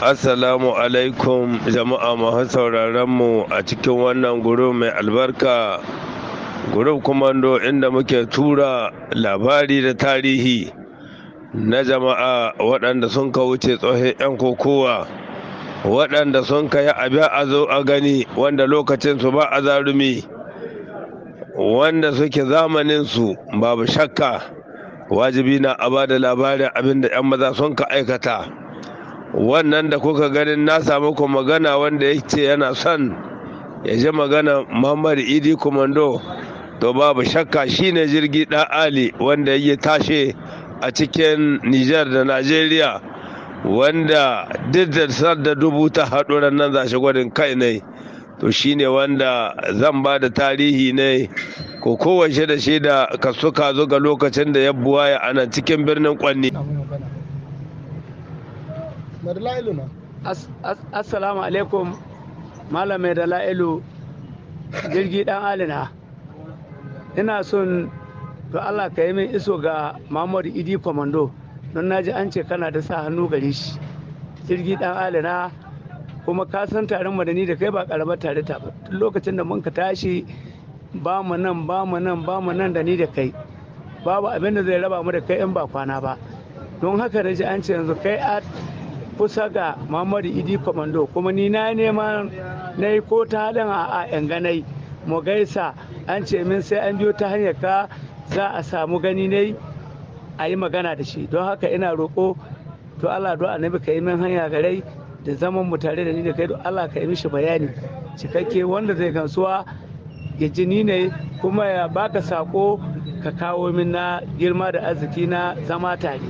Assalamu alaikum jama'a masu sauraron mu a cikin wannan guru mai albarka guru kumando inda muke tura labari da tarihi na jama'a waɗanda sun ka wuce tsohon 'yan kokowa waɗanda sun ka yi abin a zo a gani wanda lokacin su ba a zarumi. wanda suke zamanin su babu shakka wajibi na a ba da labarin abin da 'yan maza sun ka aikata wannan da kuka ganin na samu ku magana wanda ya ce yana son ya ji magana muhammadu idi kumando to babu shakka shine jirgi ɗan ali wanda ya tashe a cikin niger da najeriya wanda duk da dubu ta haɗu nan za shi gwadin kai ne to shine wanda zan ba da tarihi ne ko kowace da shaida ka suka zo ga lokacin da ya buwaye ana cikin birnin kwanni assalamu alaikum malamai da la'ilu jirgi dan alina ina son to allah ka yi min iso ga muhammadu idi Famando don naji an ce kana da sa hannu gare shi jirgi dan alina kuma ka san tarin mu da ni da kai ba karamar tare ta lokacin da mun ka tashi ba mu nan ba mu nan ba mu nan da ni da kai babu abin da zai raba mu da kai in ba kwana ba don haka da an ce yanzu kai a kusa ga Muhammadu Idi Komando kuma ni na nema na yi ko ta haɗin a yan ganai mu gaisa an ce min sai an biyo ta hanyar ka za a samu gani ne a yi magana da shi don haka ina roƙo to Allah do annabi ka yi min hanya garai da zaman mu tare da ni da kai da Allah ka yi mishi bayani cikakke wanda zai gamsuwa ya ji ni ne kuma ya baka sako ka kawo min na girma da arziki na zama tare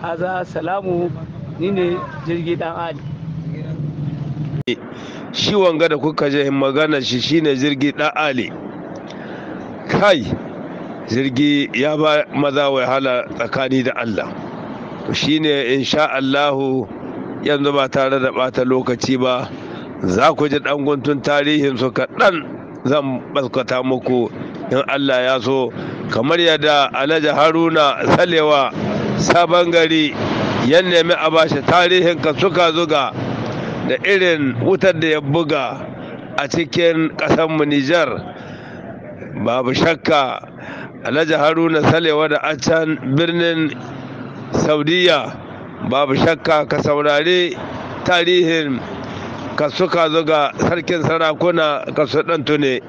haza salamu ni ne jirgi dan ali shi wanga da kuka je magana shi shine jirgi dan ali kai jirgi ya ba maza wahala tsakani da allah shine insha allahu yanzu ba tare da bata lokaci ba za ku ji ɗan guntun su kaɗan zan baskata muku in Allah ya so kamar yadda alhaji haruna salewa sabon gari ya nemi a bashi tarihin ka suka zuga da irin wutar da ya buga a cikin ƙasanmu nijar babu shakka alhaji haruna salewa da a can birnin saudiya babu shakka ka saurari tarihin ka suka zuga sarkin sarakuna ka su tune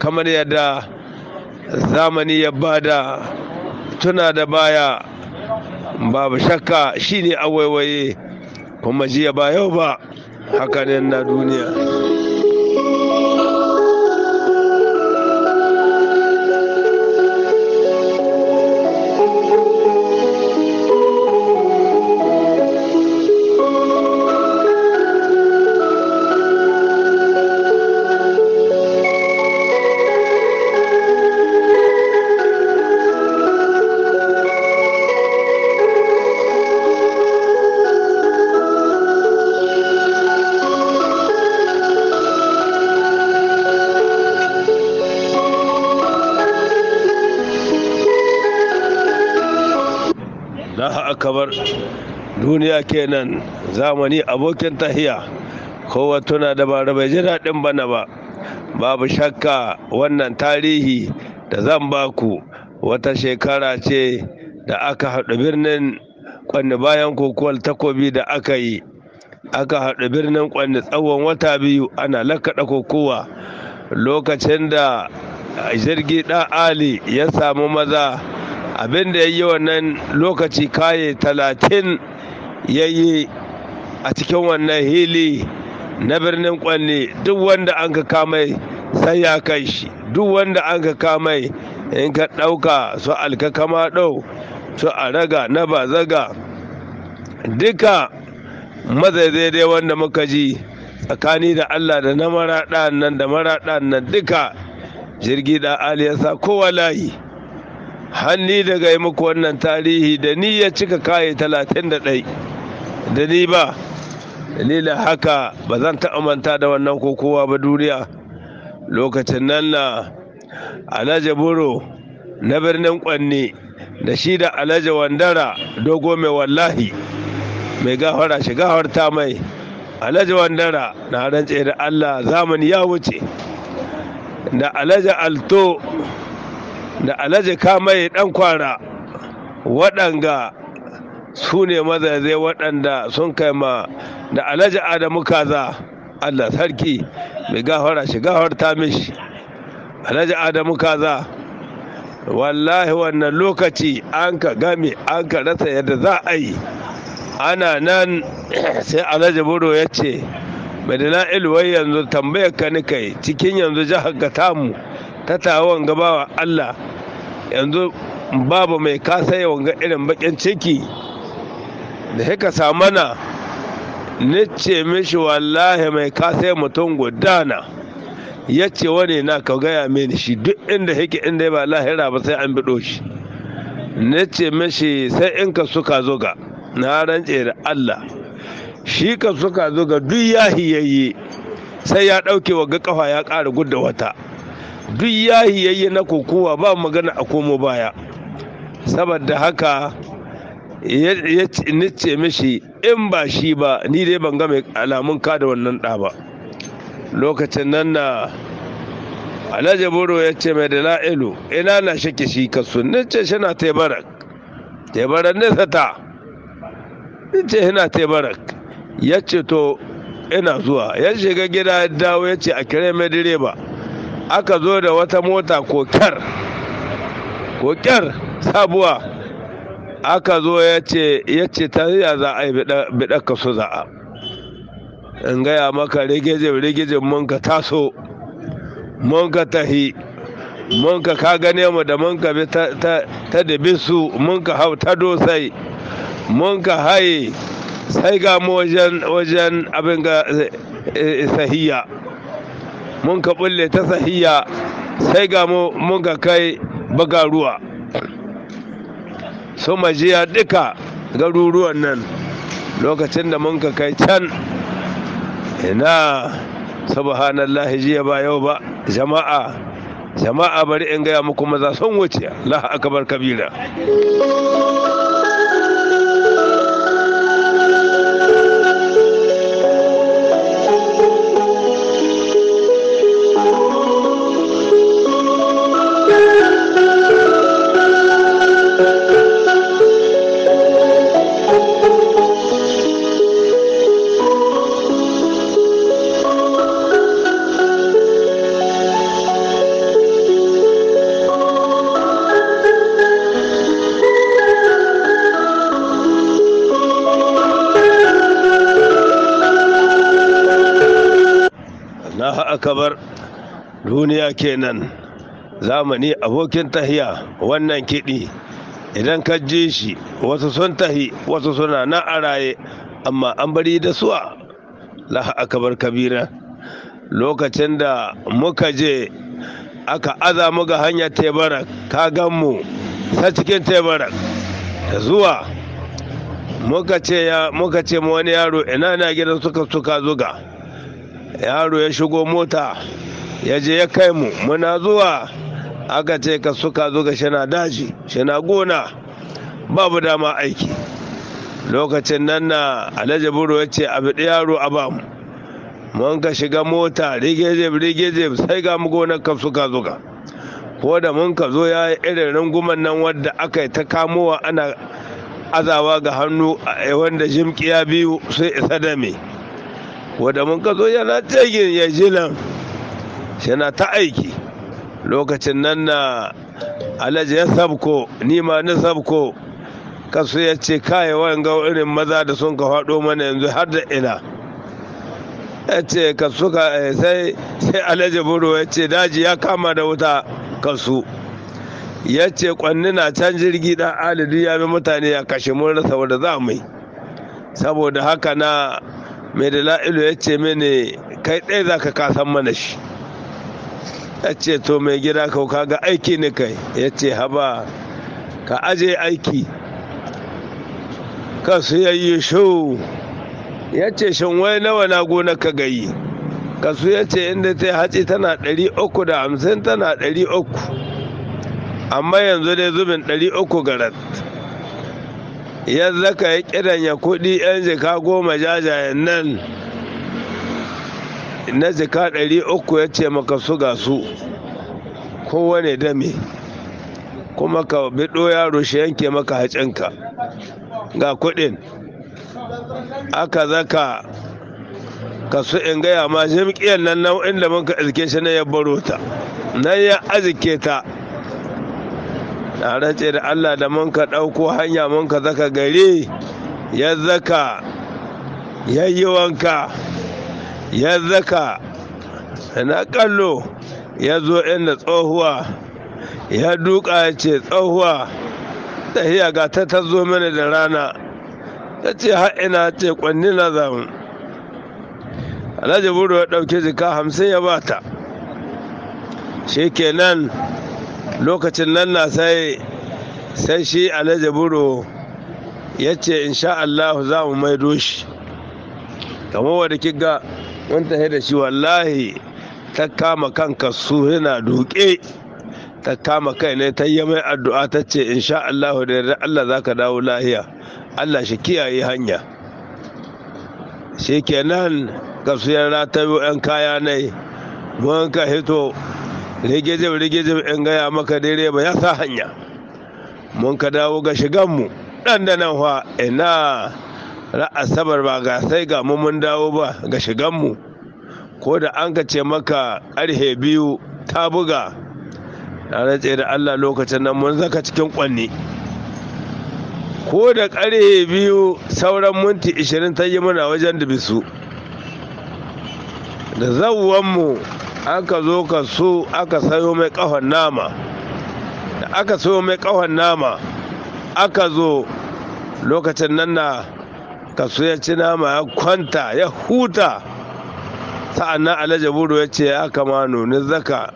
kamar yadda zamani ya ba da tuna da baya babu shakka shine waiwaye kuma jiya ba yau ba hakanin na duniya kabar duniya kenan zamani abokin tahiya kowa tuna da bara bai ji daɗin bana ba babu shakka wannan tarihi da zan ba ku. wata shekara ce da aka haɗu birnin kwanne bayan kokowar takobi da aka yi aka haɗu birnin kwanne tsawon wata biyu ana lakaɗa kokowa lokacin da jirgi ɗan ali ya samu maza abin da ya yi wannan lokaci kaye talatin ya yi a cikin wannan hili na birnin kwanne duk wanda an ka kamai sai ya kai shi duk wanda an ka kamai in ka ɗauka su alkakama ɗau su a raga na bazaga duka mazaizai wanda muka ji tsakani da allah da na maraɗa nan da maraɗa nan duka jirgi da ali kowa layi hanni daga yi muku wannan tarihi da ni ya cika kaye talatin da ɗai da ni ba dalilin haka ba zan taɓa manta da wannan kokowa ba duniya lokacin nan na alhaji buro na birnin kwanne da shi da alhaji wandara dogo mai wallahi mai gafara shi gafarta mai alhaji wandara na rantse da allah zamani ya wuce da alhaji alto da alhaji kamai dan kwara waɗanga su ne mazaizai waɗanda sun kai ma da alhaji adamu kaza allah sarki mai gafara shi gafarta mishi alhaji adamu kaza wallahi wannan lokaci an ka game an ka rasa yadda za a yi ana nan sai alhaji buru ya ce madina ilwai yanzu tambayar ka ni kai cikin yanzu jihar ka tamu ta tawon gabawa allah yanzu babu mai kasa yawan ga irin bakin ciki da haka samana ce mishi wallahi mai kasa mutum gudana ya ce wani na ka gaya mini shi duk inda hake inda ba lahira ba sai an biɗo shi ce mishi sai in ka suka zuga na rantse da Allah shi ka suka zuga duk ya hiyayye sai ya ɗauke wa ga kafa ya ƙara gudda wata duk ya yayye na kokowa ba magana a komo baya saboda haka ya ce mishi in ba shi ba ni dai ban ga mai alamun kada wannan da ba lokacin nan na alhaji buru ya ce mai da la'ilu ina na shake shi kasu ni ce shi na tebarak tebarak ne ta ni ce shi na tebarak ya ce to ina zuwa ya shiga gida ya dawo ya ce a kire mai direba aka zo da wata mota kokar kokar sabuwa aka zo ya ce ta ya za a yi biɗaka su za'a in gaya maka rigijin rigijin mun ka taso mun ka tahi mun ka ka gane mu da mun ka bi ta dabi su mun ka hau ta dosai mun ka haye sai ga mu wajen abin ga eh, eh, sahiya mun ka bulle ta sahiya sai ga mu mun ka kai baga ruwa su majiya duka garuruwan nan lokacin da mun ka kai can ina subhanallahi jiya ba yau ba jama'a jama'a bari in gaya muku maza sun wuce allah akbar kabira Kabar duniya kenan zamani abokin tahiya wannan kiɗi idan ka ji shi wasu sun tahi wasu suna na a raye amma an bari da suwa laha akabar kabira lokacin da muka je aka aza mu ga hanyar tebara ka gan mu ta cikin tebara da zuwa muka ce mu wani yaro ina na gidan suka suka zuga yaro ya shigo mota ya je ya kai mu muna zuwa aka ce ka suka zo ga shana daji shana gona babu dama aiki lokacin nan na alhaji ya ce abu da yaro a ba mun ka shiga mota rigejeb rigejeb sai ga mu gonar ka suka ga ko da mun ka zo ya yi irin runguman nan wadda aka yi ta kamowa ana azawa ga hannu wanda jimkiya biyu sai isa da me wadda mun ka zo yana tegin ya jilan yana ta aiki lokacin nan na alhaji ya sabko nima na sabko kasu ya ce kayi wayan ga irin maza da sun ka faɗo mana yanzu har da ina ya ce kasu ka eh, sai sai alhaji buru ya ce daji ya kama da wuta kasu ya ce kwanni na can jirgi dan alidu ya bi mutane ya kashe mun rasa wanda za mu yi saboda haka na mai da la'ilu ya ce mini kai ɗaya za ka kasan mana shi ya ce to mai gida kau kaga aiki ne kai ya ce haba ka aje aiki ka su yayi shau ya ce shin wai nawa na gona ka gayi kasu ya ce inda ta hatsi tana 350 tana 300 amma yanzu dai zubin 300 garat yadda ka yi ya kuɗi 'yan jika goma jajayen nan na jika ɗari uku ya ce maka su ga su kowane dame kuma ka biɗo yaro shi yanke maka hacinka ga kuɗin aka zaka ka in gaya ma jimƙiyar nan nau'in da muka iske shi na ya baro ta nan ya azike ta na rantse da allah da mun ka ɗauko hanya mun ka zaka gare ya zaka yayi wanka ya zaka na kallo ya zo inda tsohuwa ya duka ya ce tsohuwa hiya ga ta ta zo mini da rana ta ce ina ce kwanni na zamu alhaji buru ya ɗauki jika hamsin ya bata kenan lokacin nan na sai sai shi alhaji buro ya ce insha Allah za mu maido shi kamar wadda kiga wani tahe da shi wallahi ta kama kanka su yana duke ta kama kai ne ta yi mai addu'a ta ce insha Allah da yarda Allah za ka dawo lahiya Allah shi kiyaye hanya shi kenan yana ta yi 'yan kaya ne ka hito rigijib zai in gaya maka daidai ba ya sa hanya mun ka dawo ga shiganmu ɗandanan hwa. ina ra'asabar ba ga sai ga mu mun dawo ba ga shiganmu ko da an ka ce maka ƙarhe biyu ta buga na rantse da allah lokacin nan mun zaka cikin ƙwanne. ko da ƙarhe biyu sauran minti 20 ta yi muna wajen da bisu da zauwanmu aka zo ka so aka sayo mai kahon nama da aka sayo mai kahon nama aka zo lokacin nan na so ya ci nama ya kwanta ya huta sa'annan alhaji buru ya ce ya kama ni zaka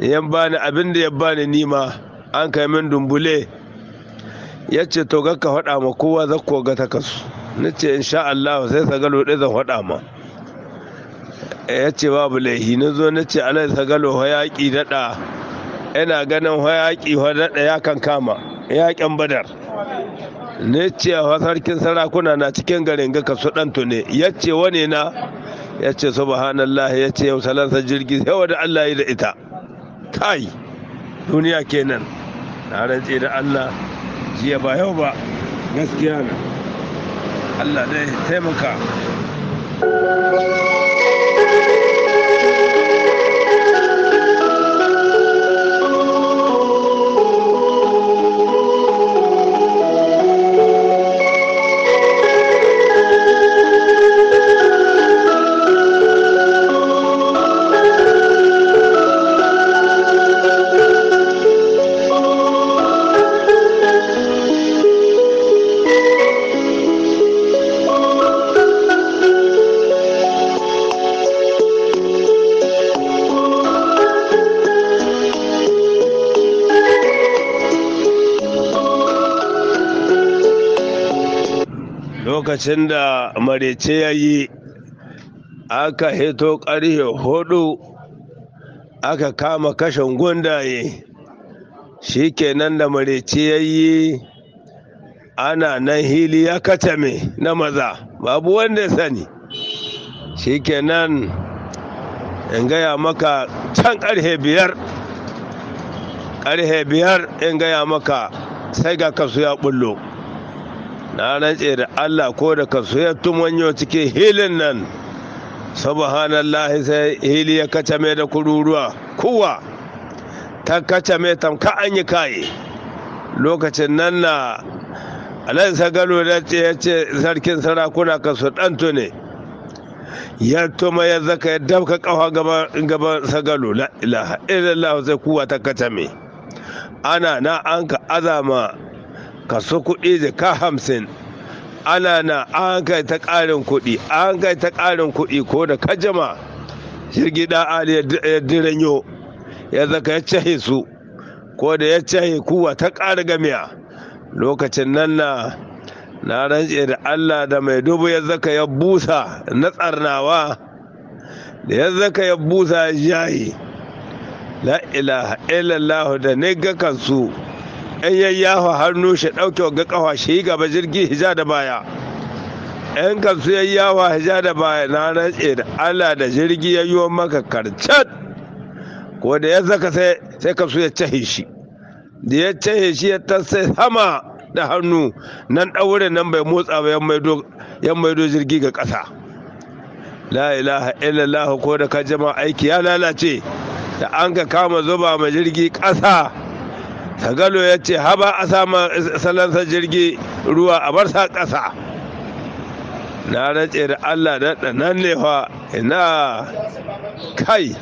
yan bani abin da ya bani nima an kai min dumbule ya ce to ga ka faɗa ma kowa zakko ga ta kasu ni ce insha Allah sai sagalo ɗaya zan faɗa ma ya ce babu laihi na zo na ce alai sagalo hayaƙi daɗa yana ganin hayaƙi daɗa ya kan kama yaƙin badar ne ce a sarkin sarakuna na cikin garin ga kasu ɗanto ne ya ce wane na ya ce subhanallah ya ce yau salansa jirgi sai da allah yi da ita kai duniya kenan na rance da allah jiya ba yau ba gaskiya na allah dai taimaka lokacin da marece ya yi aka hito ƙarfe hudu aka kama kashin gundaye shi kenan da marece ya yi ana nan hili ya katame na maza babu wanda ya sani shi kenan in gaya maka can ƙarfe biyar ƙarfe biyar in gaya maka sai ga kasu ya bullo na rantse da Allah ko da so ya tumanyo cikin hilin nan subhanallahi sai hili ya kace mai da kururuwa kuwa ta kace mai tamka an yi kai lokacin nan na alhaji sagalo da ce ya ce sarkin sarakuna kaso ɗanto ne ya tuma ya zaka ya dabka kafa gaban sagalo la ilaha illallah sai kuwa ta kace mai ana na an ka azama kaso kuɗi da ka hamsin ana na an kai ta ƙarin kuɗi an kai ta ƙarin kuɗi ko da kajama jirgi da ali ya diranyo ya zaka ya cahe su ko da ya cahe kuwa ta ƙara gamiya lokacin nan na na rantse da allah da mai dubu ya zaka ya busa na tsarnawa da ya zaka ya busa ya yi la ilaha illallah da ne ga kansu 'yan yayyafa hannu shi ɗauke ga ƙafa shi gaba jirgi hija da baya in kam su yayyafa hija da baya na rantse da Allah da jirgi ya yi wa maka karcat ko da ya zaka sai sai ya cahe shi da ya cahe shi ya tasai sama da hannu nan ɗaure nan bai motsa ba yan maido jirgi ga ƙasa la ilaha illallah ko da ka jama aiki ya lalace da an ka kama zuba ma jirgi ƙasa sagalo ya ce haba a sama salansa jirgi ruwa a bar sa ƙasa na rantse da allah da nan ne ina kai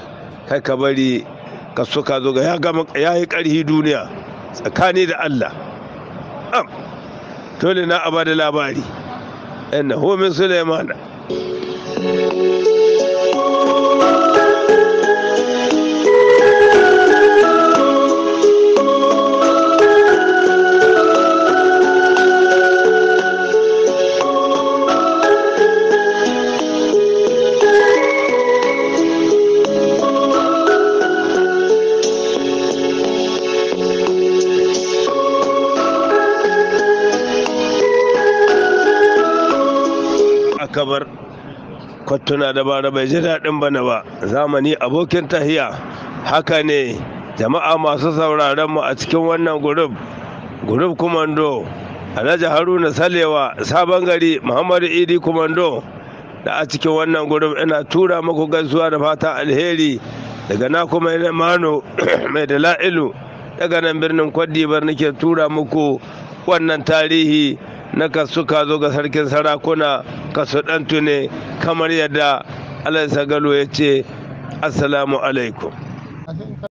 kai ka bari ka suka zo ga ya yi ƙarhi duniya tsakani da allah am dole na abada labari innahu min suleiman tuna da bara bai ji daɗin bana ba zamani abokin tahiya haka ne jama'a masu sauraron mu a cikin wannan gurub gurub kumando alhaji haruna salewa sabon gari muhammadu idi kumando da a cikin wannan gurub ina tura muku gaisuwa da fatan alheri daga na kuma mano mai da la'ilu daga nan birnin kwadibar nake tura muku wannan tarihi na kasu ka zo ga sarkin sarakuna kasu ɗan tune kamar yadda alai sagalo ya ce assalamu alaikum